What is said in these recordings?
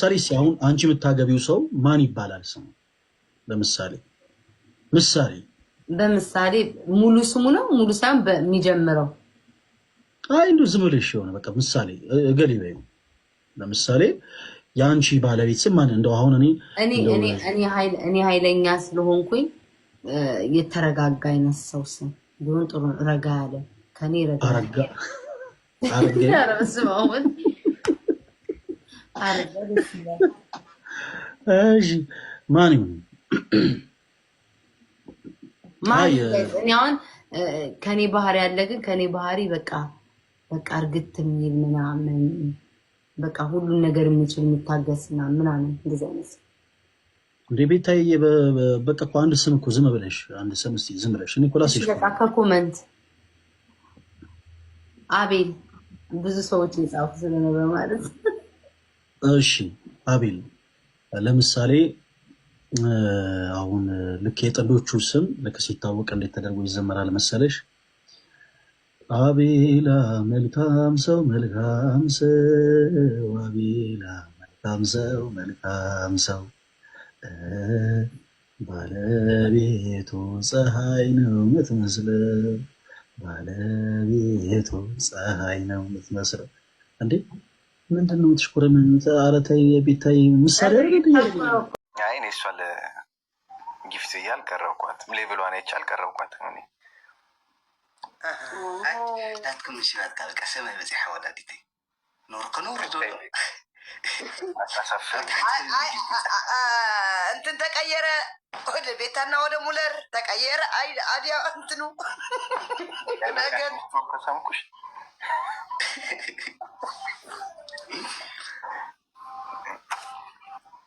ለምሳሌ እስኪ አሁን አንቺ የምታገቢው ሰው ማን ይባላል? ስሙ ለምሳሌ ምሳሌ በምሳሌ ሙሉ ስሙ ነው ሙሉ ሳይሆን በሚጀምረው አይ እንዱ ዝም ብለሽ የሆነ በቃ ምሳሌ እገሌ በይ ለምሳሌ የአንቺ ባለቤት ስም ማን እንደው አሁን እኔ እኔ እኔ ኃይለኛ ስለሆንኩኝ የተረጋጋ አይነት ሰው ስም ቢሆን ጥሩ ረጋ ያለ ከኔ ረጋ አረጋ አረጋ ማን ይሁን እኔ አሁን ከኔ ባህሪ ያለ ግን ከኔ ባህሪ በቃ በቃ እርግት የሚል ምናምን በቃ ሁሉን ነገር የሚችል የሚታገስ ምናምን እንደዚህ አይነት እንደ ቤታዬ በቃ እኮ አንድ ስም እኮ ዝም ብለሽ አንድ ስም እስኪ ዝም ብለሽ ኒኮላስ ከኮመንት አቤል ብዙ ሰዎች የጻፉ ስለነበር ማለት እሺ አቤል፣ ለምሳሌ አሁን ልክ የጥንዶቹ ስም ልክ ሲታወቅ እንዴት ተደርጎ ይዘመራል መሰለሽ? አቤላ መልካም ሰው መልካም ሰው አቤላ መልካም ሰው መልካም ሰው ባለቤቱ ፀሐይ ነው የምትመስለው ባለቤቱ ፀሐይ ነው የምትመስለው እንዴ ምንድን ነው የምትሽኮረመሙት? ኧረ ተይ ቤታዬ፣ ምሳሌ አይ እኔ እሷ ለጊፍት ብዬ አልቀረብኳት፣ ሌብሏን አይቼ አልቀረብኳት። እንትን ተቀየረ፣ ወደ ቤታና ወደ ሙለር ተቀየረ። አዲያ እንትኑ ነገ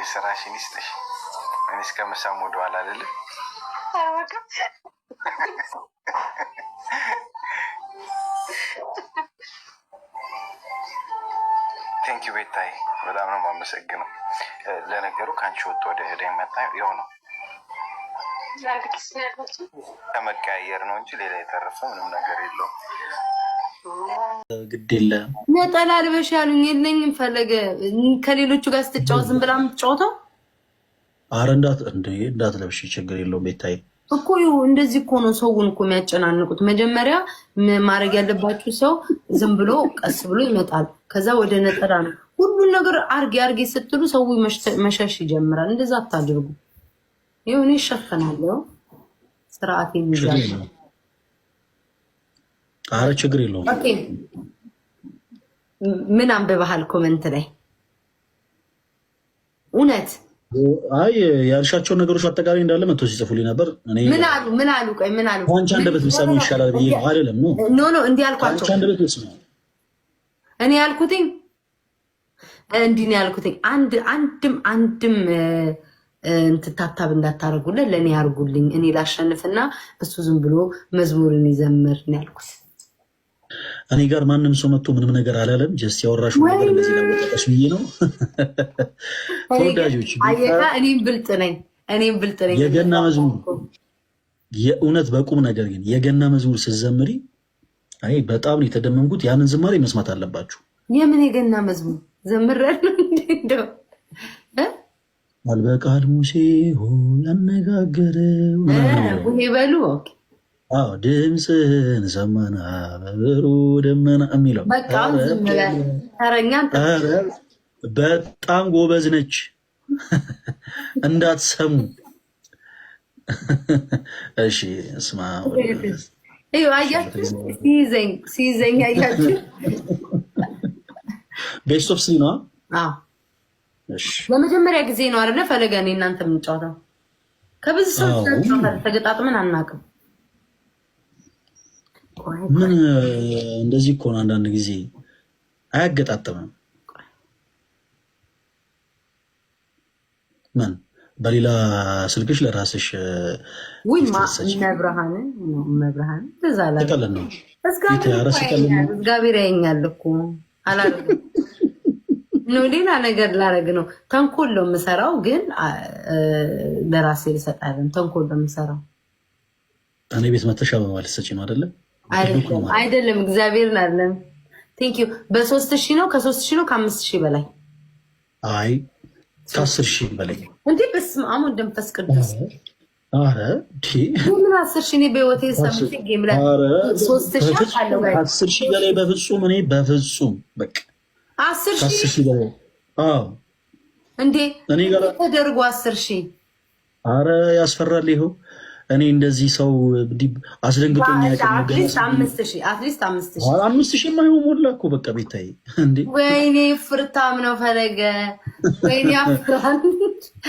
የስራሽን ይስጥሽ። እኔ እስከምሳም ወደኋላ አልልም። ቴንኪ ቤታይ፣ በጣም ነው የማመሰግነው። ለነገሩ ከአንቺ ወጥ ወደ ሄደ መጣ ያው ነው ከመቀያየር ነው እንጂ ሌላ የተረፈ ምንም ነገር የለውም። ግድ የለም ነጠላ ልበሽ ያሉኝ የለኝም። ፈለገ ከሌሎቹ ጋር ስትጫወት ዝም ብላ የምትጫወተው አረ እንዳት ለብሽ ችግር የለውም ቤታይ እኮ ይሁ እንደዚህ እኮ ነው ሰውን እኮ የሚያጨናንቁት። መጀመሪያ ማድረግ ያለባችሁ ሰው ዝም ብሎ ቀስ ብሎ ይመጣል። ከዛ ወደ ነጠላ ነው ሁሉን ነገር አርጌ አርጌ ስትሉ ሰው መሸሽ ይጀምራል። እንደዛ አታድርጉ። ይሁን ይሸፈናለው ስርዓት የሚዛ አረ ችግር የለውም። ምን አንብበሃል? ኮመንት ላይ እውነት አይ ያልሻቸውን ነገሮች አጠቃላይ እንዳለ መቶ ሲጽፉልኝ ነበር። ምን አሉ? ምን አሉ? ቆይ ምን አሉ? አንቺ አንደበት ብትሰሚው ይሻላል ብዬ ነው። አይደለም። ኖ ኖ ኖ እንዲህ አልኳቸው። አንቺ አንደበት ብትሰሚው እኔ ያልኩትኝ እንዲህ ነው ያልኩትኝ። አንድ አንድም አንድም እንትታታብ ታብታብ እንዳታደርጉለት ለእኔ ያርጉልኝ። እኔ ላሸንፍና እሱ ዝም ብሎ መዝሙርን ይዘምር ነው ያልኩት። እኔ ጋር ማንም ሰው መጥቶ ምንም ነገር አላለም። ጀስት ያወራሽ ነገር እንደዚህ ለወጠቀሽ ብዬ ነው። ተወዳጆች፣ እኔም ብልጥ ነኝ፣ እኔም ብልጥ ነኝ። የገና መዝሙር የእውነት በቁም ነገር ግን የገና መዝሙር ስትዘምሪ እኔ በጣም የተደመምኩት። ያንን ዝማሬ መስማት አለባችሁ። የምን የገና መዝሙር ዘምሬያለሁ እንደው አልበቃል ሙሴ ሆ ያነጋገረው ይበሉ አዎ ድምፅን ሰማን አበሩ ደመና የሚለው በጣም ጎበዝ ነች። እንዳትሰሙ እሺ። ስማ አያችሁ፣ ሲይዘኝ ሲይዘኝ አያችሁ። ቤስት ኦፍ ስሪ ነው። ለመጀመሪያ ጊዜ ነው አይደለ? ፈለገ እኔ እናንተ የምንጫወተው ከብዙ ሰዎች ተገጣጥመን አናውቅም። ምን እንደዚህ እኮ ነው። አንዳንድ ጊዜ አያገጣጥምም። ምን በሌላ ስልክሽ ለራስሽ መብርሃን ነው እግዚአብሔር ያየኛል እኮ ነው። ሌላ ነገር ላረግ ነው። ተንኮል ነው የምሰራው፣ ግን ለራሴ ልሰጥ አይደለም። ተንኮል ነው የምሰራው። እኔ ቤት መተሻ በማለት ሰጪ ነው አይደለም አይደለም እግዚአብሔርን አይደለም። ቴንክ ዩ በሶስት ሺህ ነው ከሶስት ሺህ ነው ከአምስት ሺህ በላይ አይ ከአስር ሺህ በላይ እንዴ! በስመ አብ ወወልድ ወመንፈስ ቅዱስ። አረ ምን አስር ሺህ እኔ በህይወቴ ሰምቼ ሶስት ሺህ ሺህ በላይ በፍጹም እኔ በፍጹም በቃ አስር ሺህ በላይ አዎ እንዴ! እኔ ጋር ተደርጎ አስር ሺህ አረ ያስፈራል። ይኸው እኔ እንደዚህ ሰው አስደንግጦኛ አምስት ሺህ የማይሆን ሞላ እኮ በቃ ቤታዬ፣ እንዴ ወይኔ ፍርታም ነው ፈለገ፣ ወይኔ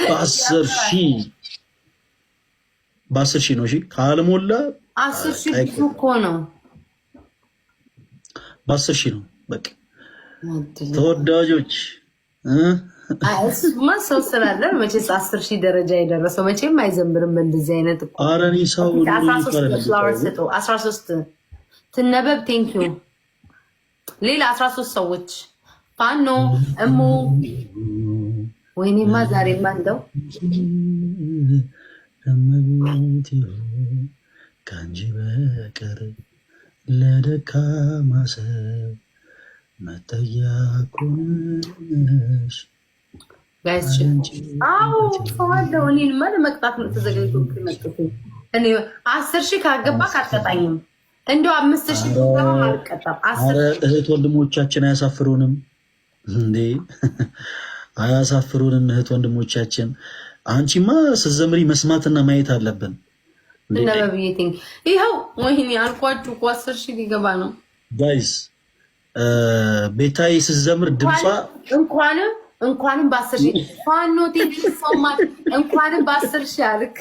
በአስር ሺህ በአስር ሺህ ነው እሺ፣ ካልሞላ አስር ሺህ እኮ ነው፣ በአስር ሺህ ነው በቃ ተወዳጆች እሱማ ሰው ስላለ አስር ሺህ ደረጃ የደረሰው መቼም አይዘምርም። እንደዚህ አይነት አስራ ሶስት ትነበብ ቴንኪዩ። ሌላ አስራ ሶስት ሰዎች ፋኖ እሞ ወይኔማ ከአንቺ በቀር ለደካማ ሰው ባያስችልአው እኔንማ አስር ሺህ ካገባ ካቀጣኝም እንደው አምስት ሺህ አልቀጣም። እህት ወንድሞቻችን አያሳፍሩንም እንዴ? አያሳፍሩንም እህት ወንድሞቻችን። አንቺማ ስትዘምሪ መስማትና ማየት አለብን። ነብዬቴኝ ይኸው ወይኔ አልኳችሁ እኮ አስር ሺህ ሊገባ ነው ጋይስ። ቤታይ ስትዘምር ድምጿ እንኳንም እንኳንም በአስር ፋኖ ቴዲ ሰማት እንኳንም በአስር ሺ አልክ።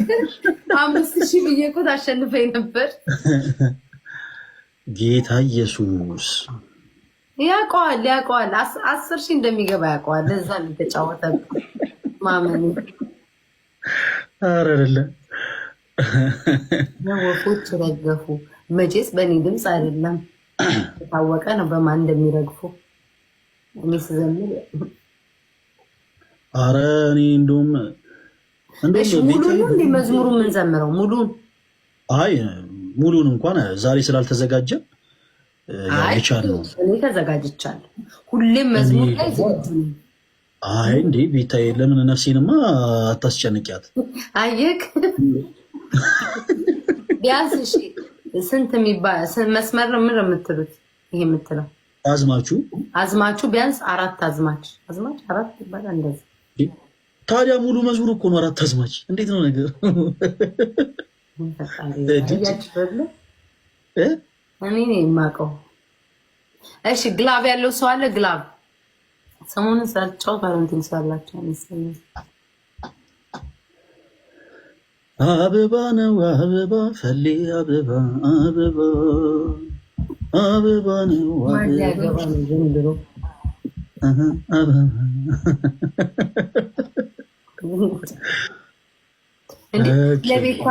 አምስት ሺ ብዬሽ እኮ ታሸንፈኝ ነበር። ጌታ ኢየሱስ ያውቀዋል፣ ያውቀዋል። አስር ሺህ እንደሚገባ ያውቀዋል። ለዛ የተጫወተ ማመኑ አረለ ወፎች ረገፉ። መቼስ በእኔ ድምፅ አይደለም የታወቀ ነው በማን እንደሚረግፉ እኔ ስዘምር አረ እኔ እንደውም ሙሉን እንደ መዝሙሩ የምንዘምረው ሙሉን አይ ሙሉን እንኳን ዛሬ ስላልተዘጋጀ ይቻል ነው። እኔ ተዘጋጅቻለሁ። ሁሌም መዝሙር ላይ ዝግጁ ነኝ። አይ እንዴ ቤታዬ፣ ለምን ነፍሴንማ አታስጨንቂያት። አየክ ቢያንስ እሺ፣ ስንት የሚባል መስመር ምን የምትሉት ይሄ የምትለው አዝማቹ አዝማቹ ቢያንስ አራት አዝማች አዝማች አራት ይባላል እንደዚህ ታዲያ ሙሉ መዝሙር እኮ ነው። አራት አዝማች እንዴት ነው ነገር? እኔ የማውቀው እሺ፣ ግላቭ ያለው ሰው አለ። ግላቭ ሰሞኑን ሰርቻው ፓረንቲንግ ስላላቸው አበባ ነው አበባ ፈሌ አበባ አበባ አበባ ነው አበባ Ajá,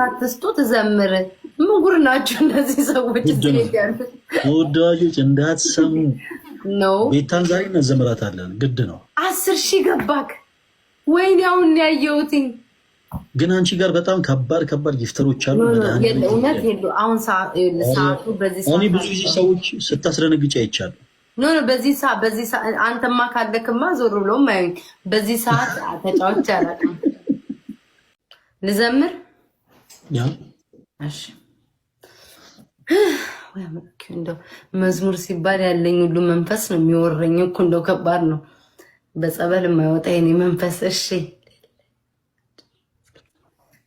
አትስጡ ትዘምር ምጉር ናቸው እነዚህ ሰዎች ተወዳጆች እንዳትሰሙ ነው። ቤታን ዛሬ ግድ ነው። አስር ሺህ ገባክ። ወይኔ አሁን ያየሁትኝ ግን አንቺ ጋር በጣም ከባድ ከባድ ጊፍተሮች አሉ። እውነት አሁን ሰዓቱ በዚህ ብዙ ጊዜ ሰዎች ስታስደነግጭ አይቻሉ ኖ ኖ በዚህ ሰዓት በዚህ ሰዓት አንተማ ካለክማ ዞር ብሎ ማየኝ። በዚህ ሰዓት ተጫዎች አላውቅም። ልዘምር ያ እንደው መዝሙር ሲባል ያለኝ ሁሉ መንፈስ ነው የሚወረኝ እኮ እንደው ከባድ ነው። በጸበል የማይወጣ የኔ መንፈስ። እሺ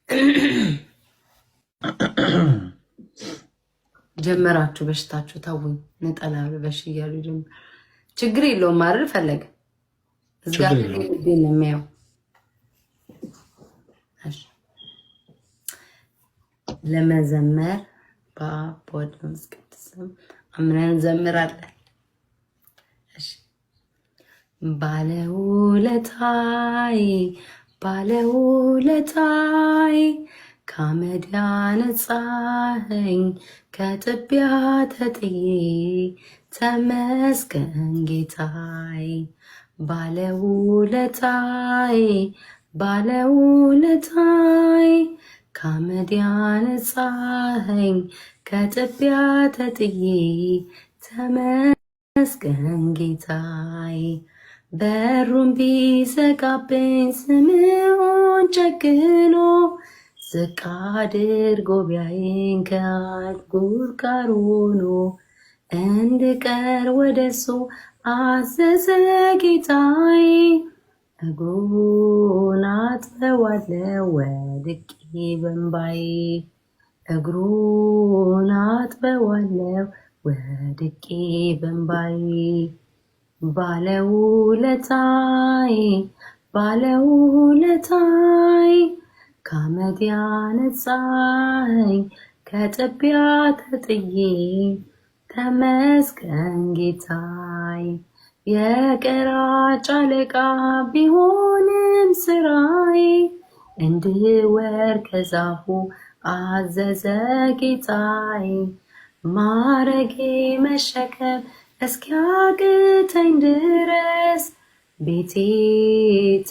ጀመራችሁ በሽታችሁ ተውኝ ነጠላ በሽ እያሉ ጀመር። ችግር የለውም ማድረግ ፈለገ እዛ ነው የሚያየው። ለመዘመር በአብ በወልድ በመንፈስ ቅዱስ አምነን እንዘምራለን። ባለውለታይ ባለውለታይ ከአመድ ያነጻኸኝ ከጥቢያ ተጥዬ ተመስገን ጌታይ ባለውለታይ ባለውለታይ ከአመድ ያነጻኸኝ ከጥቢያ ተጥዬ ተመስገን ጌታይ በሩን ቢዘጋብኝ ስምዖን ጨግኖ ዝቅ አድርጎ ቢያየኝ ከአይጉር ጋር ሆኖ እንድቀር ወደሱ አዘዘ ጌታይ እግሩን አጥበዋለሁ ወድቄ በእምባዬ እግሩን አጥበዋለሁ ወድቄ በእምባዬ ባለውለታዬ ባለውለታዬ ከአመድ ያነጻኝ ከጥቢያ ተጥዬ ተመስገን ጌታይ። የቀራጭ አለቃ ቢሆንም ስራይ እንድወር ከዛፉ አዘዘ ጌታይ። ማረጌ መሸከም እስኪያቅተኝ ድረስ ቤቴ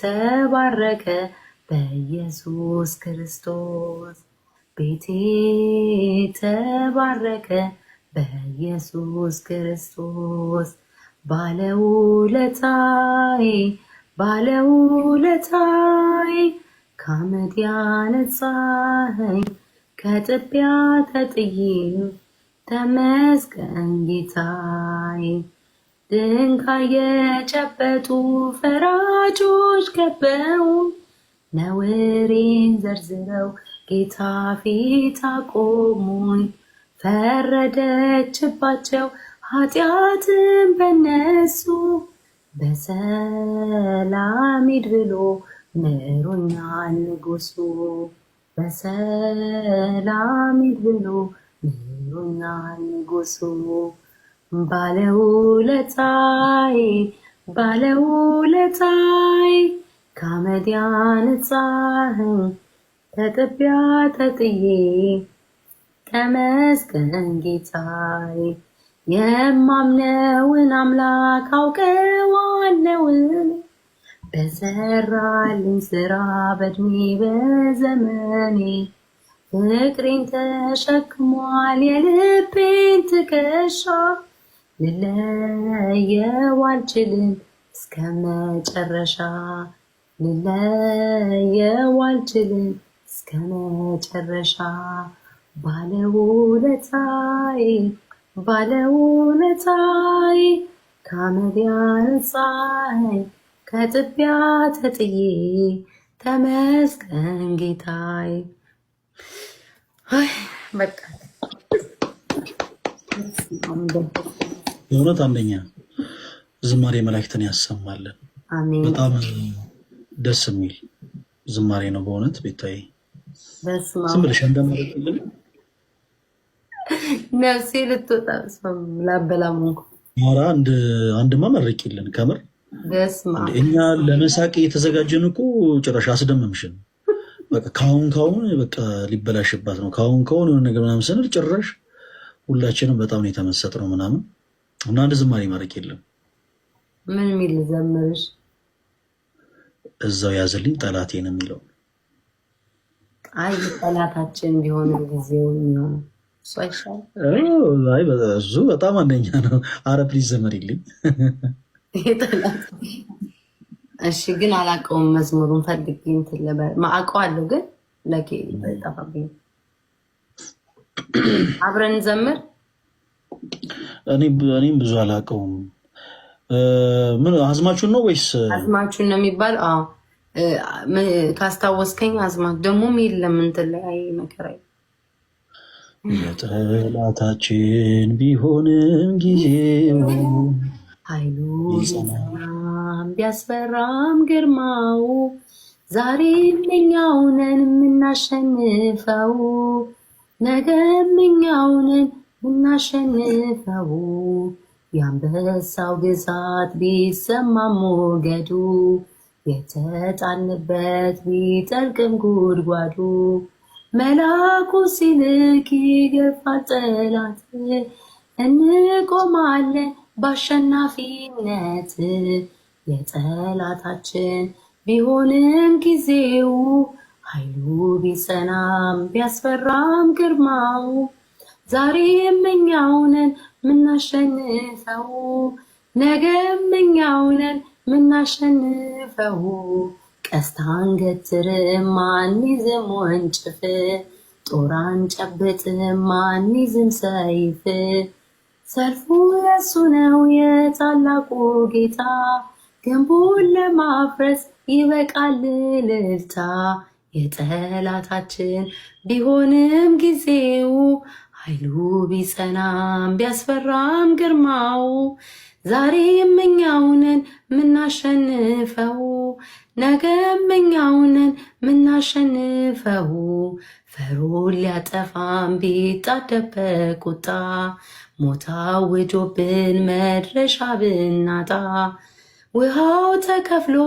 ተባረከ በኢየሱስ ክርስቶስ ቤቴ ተባረከ፣ በኢየሱስ ክርስቶስ ባለውለታይ ባለውለታይ ከአመድ ያነጻኸኝ ከጥቢያ ተጥዬ ተመስገን ጌታይ። ድንጋይ የጨበጡ ፈራጆች ከበው ነውሬን ዘርዝረው ጌታ ፊት አቆሙኝ። ፈረደችባቸው ኃጢአትን በነሱ በሰላም ሂድ ብሎ ምሮኛል ንጉሱ። በሰላም ሂድ ብሎ ምሮኛል ንጉሱ። ባለውለታዬ ባለውለታዬ ከአመዳን ፀሐይ ተጥቢያ ተጥዬ ተመስገን ጌታዬ፣ የማምነውን አምላክ አውቀዋለውን በሰራልኝ ስራ በእድሜ በዘመኔ ፍቅሬን ተሸክሟል የልቤን ትከሻ ልለየው አልችልም እስከ መጨረሻ ልለየው አልችልም እስከ መጨረሻ ባለውለታዬ ባለውለታዬ ከአመድ ያነጻኝ ከጥቢያ ተጥዬ ተመስገን ጌታዬ። በቃ የእውነት አንደኛ ዝማሬ መላእክትን ያሰማልን በጣም ደስ የሚል ዝማሬ ነው በእውነት ቤታዬ። ዝም ብለሽ እንደመረጥልን ነፍሴ ልትወጣ ላበላሙ ኧረ አንድ አንድማ መረቂልን ከምር እኛ ለመሳቅ የተዘጋጀን እኮ ጭራሽ አስደመምሽን። በቃ ካሁን ካሁን በቃ ሊበላሽባት ነው ካሁን ካሁን የሆነ ነገር ምናምን ስንል ጭራሽ ሁላችንም በጣም ነው የተመሰጥ ነው ምናምን እና አንድ ዝማሬ መረቅ የለም ምን የሚል ዘመርሽ እዛው ያዝልኝ ጠላቴ ነው የሚለው። አይ ጠላታችን ቢሆን ጊዜው እሱ በጣም አንደኛ ነው። አረ ፕሊዝ ዘመሪልኝ። እሺ ግን አላውቀውም። መዝሙሩን ፈልጌ እንትን ልበል አውቀዋለሁ፣ ግን ለጌ ጠፋብኝ። አብረን ዘምር። እኔም ብዙ አላውቀውም። ምን አዝማቹን ነው ወይስ አዝማቹን ነው የሚባል? አዎ ካስታወስከኝ አዝማች ደግሞም የለም እንትን ላይ መከራ የጠላታችን ቢሆንም ጊዜው ኃይሉ ጸናም ቢያስፈራም ግርማው ዛሬ እኛው ነን የምናሸንፈው፣ ነገ እኛው ነን የምናሸንፈው የአንበሳው ግዛት ቢሰማ ሞገዱ የተጣንበት ቢጠልቅም ጉድጓዱ መላኩ ሲልክ ይገፋል ጠላት እንቆማለን በአሸናፊነት የጠላታችን ቢሆንም ጊዜው ኃይሉ ቢሰናም ቢያስፈራም ግርማው ዛሬ የምኛውንን ምናሸንፈው ነገም እኛው ነን ምናሸንፈው ቀስታ አንገትርም አንይዝም ወንጭፍ ጦራን ጨብጥ አንይዝም ሰይፍ ሰልፉ የሱ ነው የታላቁ ጌታ ገንቦን ለማፍረስ ይበቃል ልልታ የጠላታችን ቢሆንም ጊዜው ኃይሉ ቢጸናም ቢያስፈራም ግርማው ዛሬ የምኛውንን ምናሸንፈው ነገ የምኛውንን ምናሸንፈው ፈሩን ሊያጠፋም ቢጣደበ ቁጣ ሞታ ውጆብን መድረሻ ብናጣ ውሃው ተከፍሎ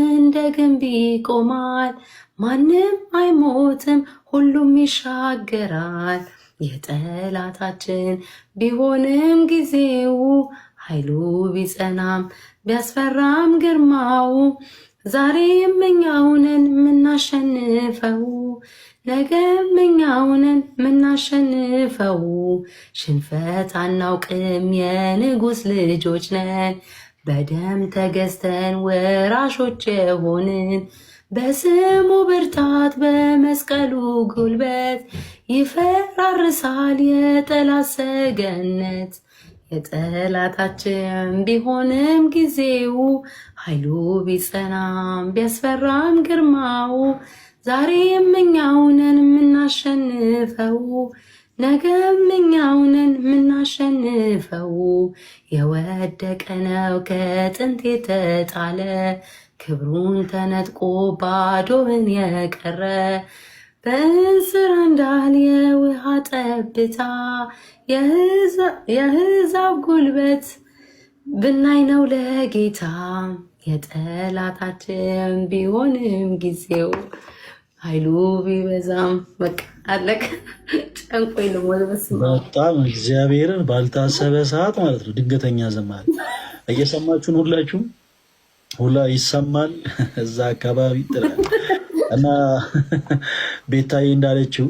እንደ ግንብ ይቆማል። ማንም አይሞትም፣ ሁሉም ይሻገራል። የጠላታችን ቢሆንም ጊዜው ኃይሉ ቢጸናም ቢያስፈራም ግርማው ዛሬ እኛውንን የምናሸንፈው ነገ ምኛውነን ምናሸንፈው ሽንፈት አናውቅም የንጉስ ልጆች ነን በደም ተገዝተን ወራሾች የሆንን በስሙ ብርታት በመስቀሉ ጉልበት ይፈራርሳል የጠላት ሰገነት። የጠላታችን ቢሆንም ጊዜው ኃይሉ ቢጸናም ቢያስፈራም ግርማው ዛሬም የምኛውነን የምናሸንፈው። ነገም እኛውንን የምናሸንፈው የወደቀ ነው ከጥንት የተጣለ ክብሩን ተነጥቆ ባዶን የቀረ በእንስር እንዳል የውሃ ጠብታ የሕዛብ ጉልበት ብናይ ነው ለጌታ የጠላታችን ቢሆንም ጊዜው ኃይሉ ቢበዛም በቃ አለቀ። ጨንቆኝ ልሞት በጣም እግዚአብሔርን ባልታሰበ ሰዓት ማለት ነው። ድንገተኛ ዘማሪ እየሰማችሁን ሁላችሁም ሁላ ይሰማል እዛ አካባቢ ጥላል እና ቤታዬ እንዳለችው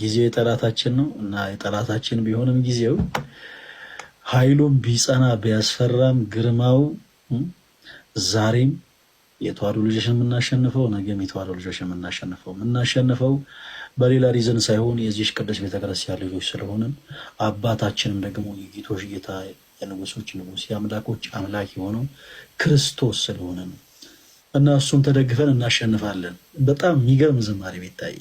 ጊዜው የጠላታችን ነው እና የጠላታችን ቢሆንም ጊዜው ኃይሉም ቢጸና ቢያስፈራም ግርማው ዛሬም የተዋዶ ልጆች የምናሸንፈው ነገም የተዋሕዶ ልጆች የምናሸንፈው የምናሸንፈው በሌላ ሪዘን ሳይሆን የዚች ቅዱስ ቤተክርስቲያን ልጆች ስለሆንን አባታችንም ደግሞ የጌቶች ጌታ የንጉሶች ንጉስ የአምላኮች አምላክ የሆነው ክርስቶስ ስለሆነ ነው እና እሱም ተደግፈን እናሸንፋለን። በጣም የሚገርም ዝማሬ ቤታዬ